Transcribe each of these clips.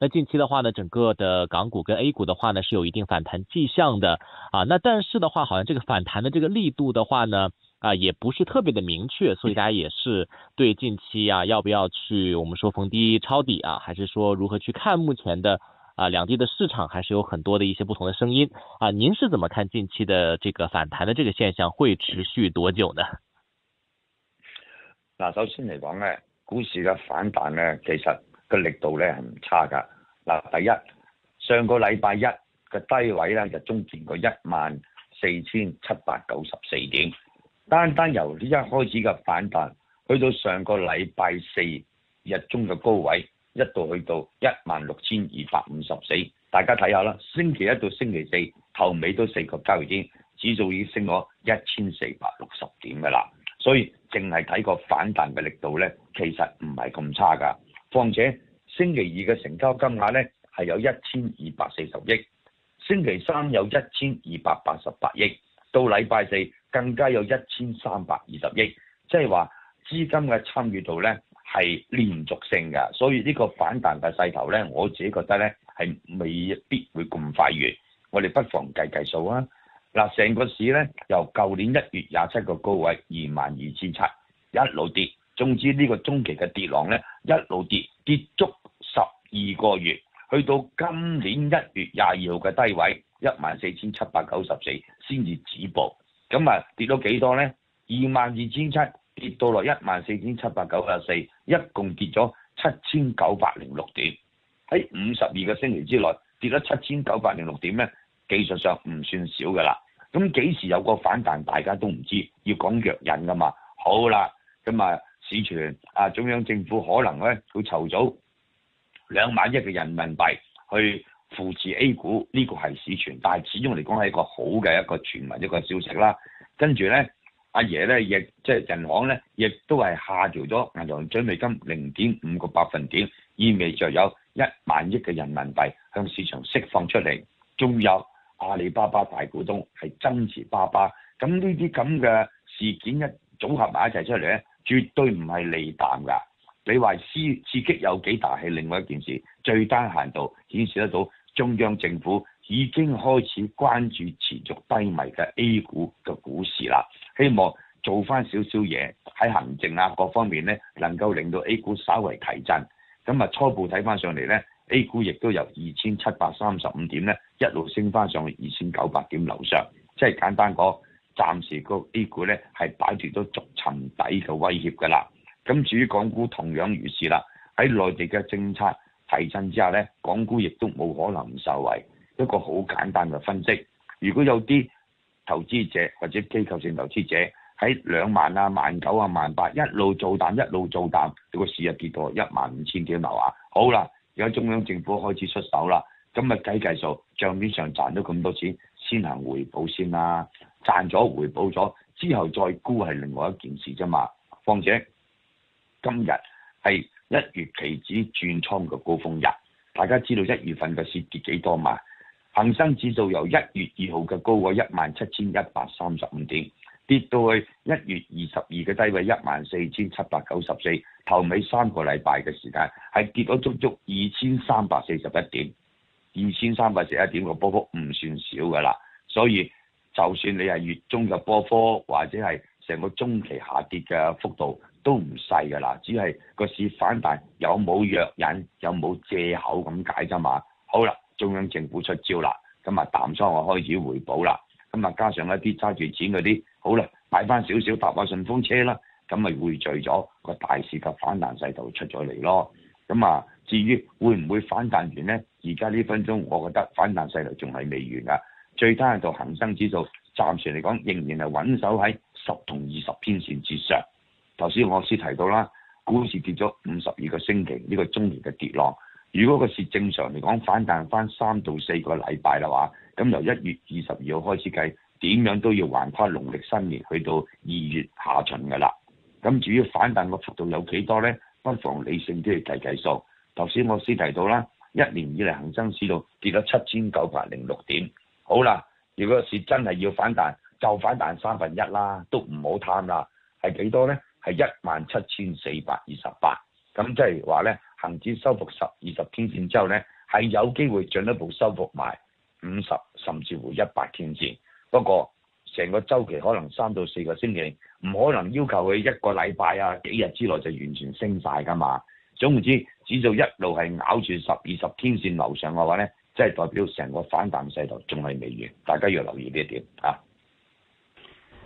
那近期的話呢，整個的港股跟 A 股的話呢，是有一定反彈跡象的啊。那但是的話，好像這個反彈的這個力度的話呢，啊，也不是特別的明確。所以大家也是對近期啊，要不要去我們說逢低抄底啊，還是說如何去看目前的啊兩地的市場，還是有很多的一些不同的聲音啊。您是怎麼看近期的這個反彈的這個現象會持續多久呢？那首先嚟講呢，股市嘅反彈呢，其實。嘅力度咧係唔差噶。嗱，第一，上個禮拜一嘅低位咧就中見過一萬四千七百九十四點，單單由呢一開始嘅反彈去到上個禮拜四日中嘅高位，一度去到一萬六千二百五十四。大家睇下啦，星期一到星期四頭尾都四個交易日，指數已經升咗一千四百六十點嘅啦。所以淨係睇個反彈嘅力度咧，其實唔係咁差噶，況且。星期二嘅成交金額咧係有一千二百四十億，星期三有一千二百八十八億，到禮拜四更加有一千三百二十億，即係話資金嘅參與度咧係連續性噶，所以呢個反彈嘅勢頭咧，我自己覺得咧係未必會咁快完，我哋不妨計計數啊！嗱，成個市咧由舊年一月廿七個高位二萬二千七一路跌，總之呢個中期嘅跌浪咧一路跌跌足。二個月去到今年一月廿二號嘅低位一萬四千七百九十四先至止步，咁啊跌咗幾多呢？二萬二千七跌到落一萬四千七百九十四，一共跌咗七千九百零六點。喺五十二個星期之內跌咗七千九百零六點呢，技術上唔算少噶啦。咁幾時有個反彈，大家都唔知，要講藥引噶嘛。好啦，咁啊，市場啊，中央政府可能咧會籌早。兩萬億嘅人民幣去扶持 A 股呢，這個係市傳，但係始終嚟講係一個好嘅一個傳聞一個消息啦。跟住咧，阿爺咧亦即係銀行咧亦都係下調咗銀行準備金零點五個百分點，意味着有一萬億嘅人民幣向市場釋放出嚟。仲有阿里巴巴大股東係增持巴巴，咁呢啲咁嘅事件一組合埋一齊出嚟咧，絕對唔係利淡噶。你話刺刺激有幾大係另外一件事，最低限度顯示得到中央政府已經開始關注持續低迷嘅 A 股嘅股市啦，希望做翻少少嘢喺行政啊各方面咧，能夠令到 A 股稍為提振。咁、嗯、啊初步睇翻上嚟咧，A 股亦都由二千七百三十五點咧一路升翻上去二千九百點樓上，即係簡單講，暫時個 A 股咧係擺脫咗逐層底嘅威脅㗎啦。咁至於港股同樣如是啦。喺內地嘅政策提振之下呢，港股亦都冇可能唔受惠。一個好簡單嘅分析，如果有啲投資者或者機構性投資者喺兩萬啊、萬九啊、萬八一路做淡，一路做淡，個市日跌到一萬五千幾，嗱啊，好啦，而家中央政府開始出手啦。咁啊計計數，帳面上賺咗咁多錢，先行回補先啦。賺咗回補咗之後再沽係另外一件事啫嘛。況且，今日係一月期指轉倉嘅高峰日，大家知道一月份嘅蝕跌幾多嘛？恒生指數由一月二號嘅高位一萬七千一百三十五點，跌到去一月二十二嘅低位一萬四千七百九十四，頭尾三個禮拜嘅時間係跌咗足足二千三百四十一點，二千三百四十一點個波幅唔算少㗎啦。所以就算你係月中嘅波幅，或者係成個中期下跌嘅幅度，都唔細㗎啦，只係個市反彈，有冇藥引，有冇借口咁解啫嘛？好啦，中央政府出招啦，咁、嗯、啊淡倉我開始回補啦，咁、嗯、啊加上一啲揸住錢嗰啲，好啦，買翻少少搭下順風車啦，咁咪匯聚咗個大市嘅反彈勢頭出咗嚟咯。咁、嗯、啊，至於會唔會反彈完呢？而家呢分鐘，我覺得反彈勢頭仲係未完㗎。最低限度，恒生指數，暫時嚟講仍然係穩守喺十同二十偏線之上。頭先我先提到啦，股市跌咗五十二個星期，呢個中年嘅跌落。如果個市正常嚟講反彈翻三到四個禮拜嘅話，咁由一月二十二號開始計，點樣都要橫跨農曆新年去到二月下旬噶啦。咁至於反彈個幅度有幾多呢？不妨理性啲去計計數。頭先我先提到啦，一年以嚟恒生指數跌咗七千九百零六點。好啦，如果個市真係要反彈，就反彈三分一啦，都唔好貪啦。係幾多呢？係一萬七千四百二十八，咁即係話咧，恒指收復十二十天線之後咧，係有機會進一步收復埋五十甚至乎一百天線。不過成個週期可能三到四個星期，唔可能要求佢一個禮拜啊幾日之內就完全升晒噶嘛。總之，指數一路係咬住十二十天線樓上嘅話咧，即係代表成個反彈勢頭仲係未完，大家要留意呢一點啊。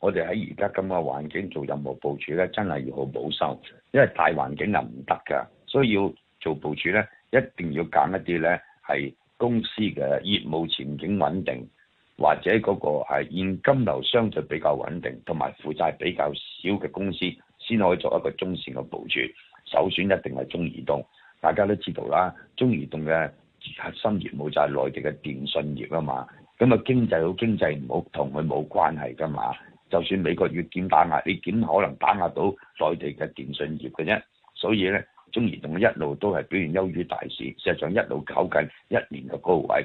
我哋喺而家咁嘅環境做任何部署咧，真係要好保守，因為大環境係唔得㗎，所以要做部署咧，一定要揀一啲咧係公司嘅業務前景穩定，或者嗰個係現金流相對比較穩定，同埋負債比較少嘅公司，先可以做一個中線嘅部署。首選一定係中移動，大家都知道啦，中移動嘅核心業務就係內地嘅電信業啊嘛，咁啊經濟好經濟唔好，同佢冇關係㗎嘛。就算美國越見打壓，你點可能打壓到內地嘅電信業嘅啫，所以咧，中移動一路都係表現優於大市，事實上，一路搞緊一年嘅高位，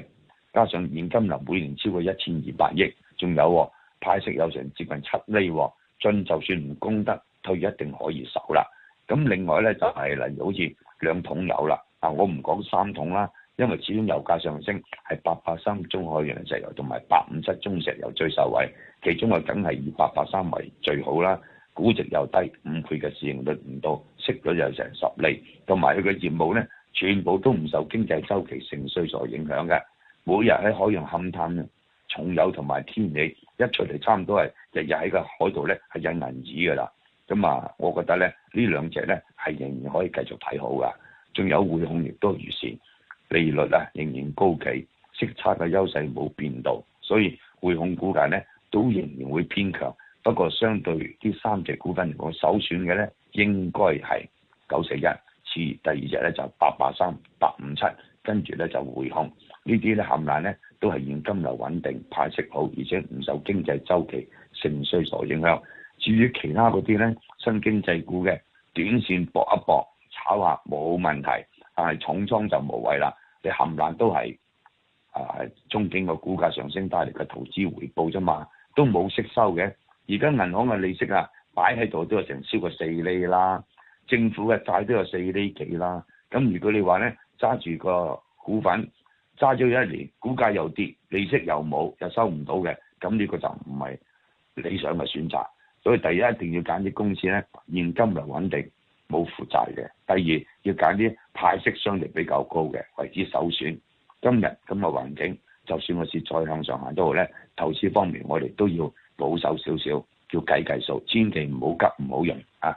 加上現金流每年超過一千二百億，仲有派息有成接近七釐，進就算唔攻得，退一定可以守啦。咁另外咧就係、是、例如好似兩桶油啦，啊我唔講三桶啦。因為始終油價上升，係八八三中海洋石油同埋八五七中石油最受惠，其中啊梗係以八八三為最好啦，估值又低，五倍嘅市盈率唔多，息率又成十厘，同埋佢嘅業務咧，全部都唔受經濟周期盛衰所影響嘅，每日喺海洋勘探、重油同埋天然氣一出嚟，差唔多係日日喺個海度咧係印銀紙㗎啦，咁啊，我覺得咧呢兩隻咧係仍然可以繼續睇好㗎，仲有匯控亦都預先。利率啊仍然高企，息差嘅優勢冇變到，所以匯控股價咧都仍然會偏強。不過相對呢三隻股份，我首選嘅咧應該係九四一，次第二隻呢就八八三、八五七，跟住呢就匯控，呢啲呢冚唥呢都係現金流穩定、派息好，而且唔受經濟周期盛衰所影響。至於其他嗰啲呢，新經濟股嘅短線搏一搏、炒下冇問題，但係重倉就無謂啦。你冚爛都係啊，憧憬個股價上升帶嚟嘅投資回報啫嘛，都冇息收嘅。而家銀行嘅利息啊，擺喺度都有成超過四厘啦，政府嘅債都有四厘幾啦。咁如果你話咧揸住個股份揸咗一年，股價又跌，利息又冇，又收唔到嘅，咁呢個就唔係理想嘅選擇。所以第一一定要揀啲公司咧，現金流穩定。冇負債嘅，第二要揀啲派息相對比較高嘅為之首選。今日咁嘅環境，就算個市再向上行都好咧，投資方面我哋都要保守少少，要計計數，千祈唔好急，唔好用啊！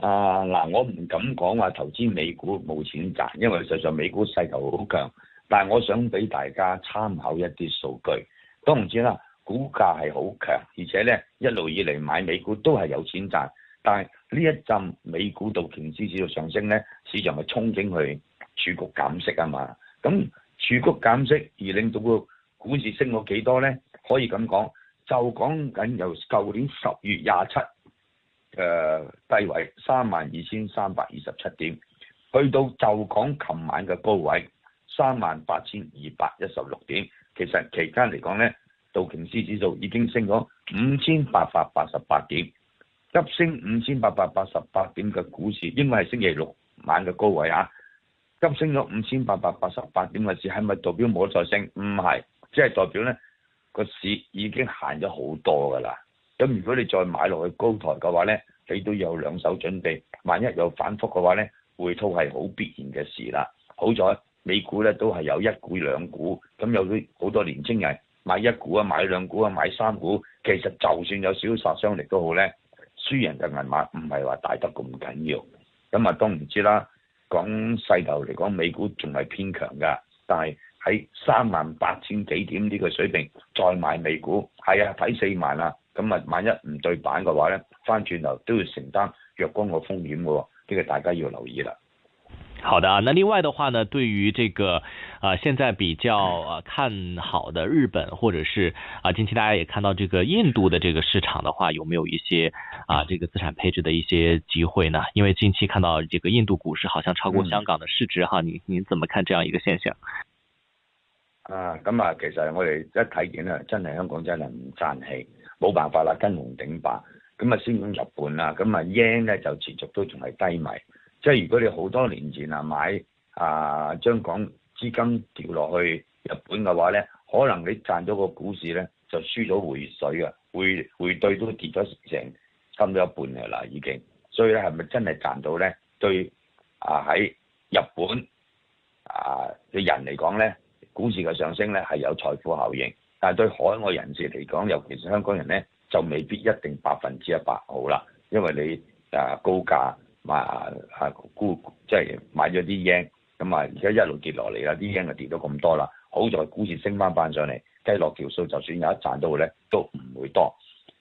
啊嗱、呃，我唔敢講話投資美股冇錢賺，因為實際上美股勢頭好強。但係我想俾大家參考一啲數據，都唔知啦，股價係好強，而且咧一路以嚟買美股都係有錢賺。但係呢一陣美股道瓊指數上升咧，市場咪憧憬去儲局減息啊嘛？咁儲局減息而令到個股市升咗幾多咧？可以咁講，就講緊由舊年十月廿七。嘅、呃、低位三萬二千三百二十七點，去到就講琴晚嘅高位三萬八千二百一十六點，其實期間嚟講咧，道瓊斯指數已經升咗五千八百八十八點，急升五千八百八十八點嘅股市，應該係星期六晚嘅高位啊，急升咗五千八百八十八點嘅市，係咪代表冇得再升？唔係，即係代表咧個市已經行咗好多噶啦。咁如果你再買落去高台嘅話呢，你都有兩手準備。萬一有反覆嘅話呢，回吐係好必然嘅事啦。好在美股呢都係有一股兩股，咁有啲好多年青人買一股啊，買兩股啊，買三股。其實就算有少少殺傷力都好呢，輸人嘅銀碼唔係話大得咁緊要。咁啊，當唔知啦。講勢頭嚟講，美股仲係偏強㗎，但係喺三萬八千幾點呢個水平再買美股，係啊，睇四萬啦。咁啊，萬一唔對版嘅話咧，翻轉頭都要承擔若干個風險嘅、哦、喎，呢、這個大家要留意啦。好的啊，那另外的話呢，對於這個啊、呃，現在比較啊看好的日本，或者是啊、呃、近期大家也看到這個印度的這個市場的話，有沒有一些啊、呃、這個資產配置的一些機會呢？因為近期看到這個印度股市好像超過香港的市值、嗯、哈，你你怎麼看這樣一個現象？啊，咁、嗯、啊，其實我哋一睇見咧，真係香港真係唔爭氣。冇辦法啦，跟紅頂白，咁啊升咗日本啦，咁啊日圓咧就持續都仲係低迷。即係如果你好多年前啊買啊將港資金調落去日本嘅話咧，可能你賺咗個股市咧就輸咗匯水啊，匯匯兌都跌咗成咁多一半嘅啦已經。所以咧係咪真係賺到咧？對啊喺日本啊嘅人嚟講咧，股市嘅上升咧係有財富效應。但對海外人士嚟講，尤其是香港人咧，就未必一定百分之一百好啦，因為你啊高價買啊沽、啊，即係買咗啲 yen，咁啊而家一路跌落嚟啦，啲 yen 就跌到咁多啦。好在股市升翻翻上嚟，計落條數就算有一賺到咧，都唔會多。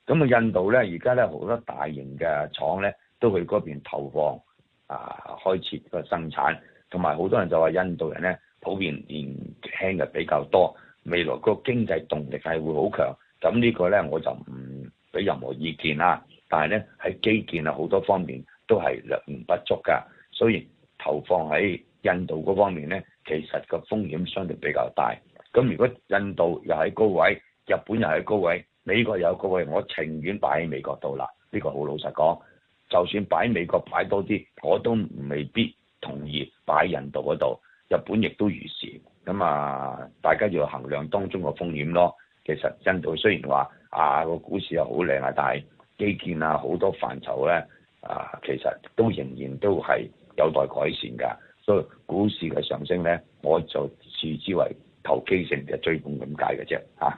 咁啊，印度咧而家咧好多大型嘅廠咧都去嗰邊投放啊開設個生產，同埋好多人就話印度人咧普遍年輕嘅比較多。未來個經濟動力係會好強，咁呢個呢，我就唔俾任何意見啦。但係呢，喺基建啊好多方面都係略唔不足㗎，所以投放喺印度嗰方面呢，其實個風險相對比較大。咁如果印度又喺高位，日本又喺高位，美國又喺高位，我情願擺喺美國度啦。呢個好老實講，就算擺美國擺多啲，我都未必同意擺印度嗰度，日本亦都如是。咁啊、嗯，大家要衡量當中嘅風險咯。其實印度雖然話啊個股市又好靚啊，但係基建啊好多範疇咧啊，其實都仍然都係有待改善㗎。所以股市嘅上升咧，我就視之為投機性嘅追捧咁解嘅啫嚇。啊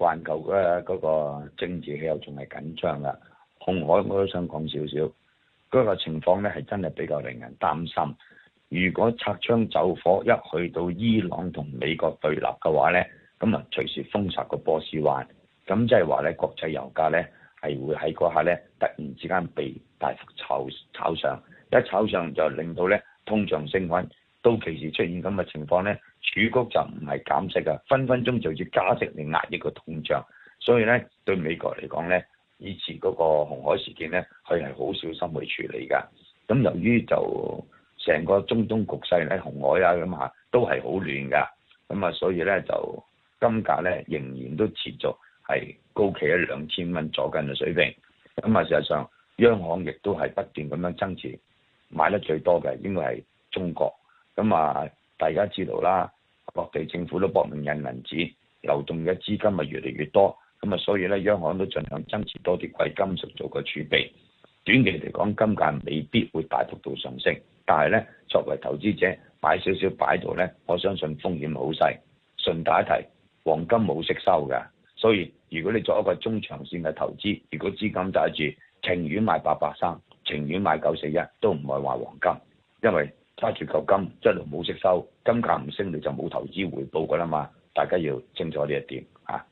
環球嗰個政治氣候仲係緊張啦，紅海我都想講少少，嗰個情況呢係真係比較令人擔心。如果擦槍走火一去到伊朗同美國對立嘅話呢，咁啊隨時封殺個波斯灣，咁即係話呢國際油價呢係會喺嗰下呢突然之間被大幅炒炒上，一炒上就令到呢通脹升溫，到其時出現咁嘅情況呢。儲局就唔係減息㗎，分分鐘就要加息嚟壓抑個通脹。所以咧，對美國嚟講咧，以前嗰個紅海事件咧，佢係好小心去處理㗎。咁由於就成個中東局勢咧，紅海啊咁啊，都係好亂㗎。咁啊，所以咧就金價咧仍然都持續係高企喺兩千蚊左近嘅水平。咁啊，事實上央行亦都係不斷咁樣增持，買得最多嘅應該係中國。咁啊～大家知道啦，各地政府都搏命印銀紙，流動嘅資金啊越嚟越多，咁啊，所以咧，央行都盡量增持多啲貴金屬做個儲備，短期嚟講金價未必會大幅度上升，但係咧，作為投資者擺少少擺度咧，我相信風險好細，順帶一提，黃金冇息收噶，所以如果你作一個中長線嘅投資，如果資金帶住情願買八八三，情願買九四一，都唔係話黃金，因為。揸住嚿金，一路冇息收，金價唔升你就冇投資回報噶啦嘛，大家要清楚呢一點啊。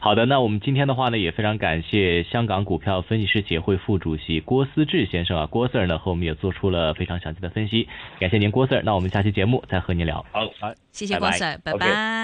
好的，那我們今天的話呢，也非常感謝香港股票分析師協會副主席郭思治先生啊，郭 Sir 呢和我們也做出了非常詳細的分析，感謝您郭 Sir，那我們下期節目再和您聊。好，謝謝郭 Sir，拜拜。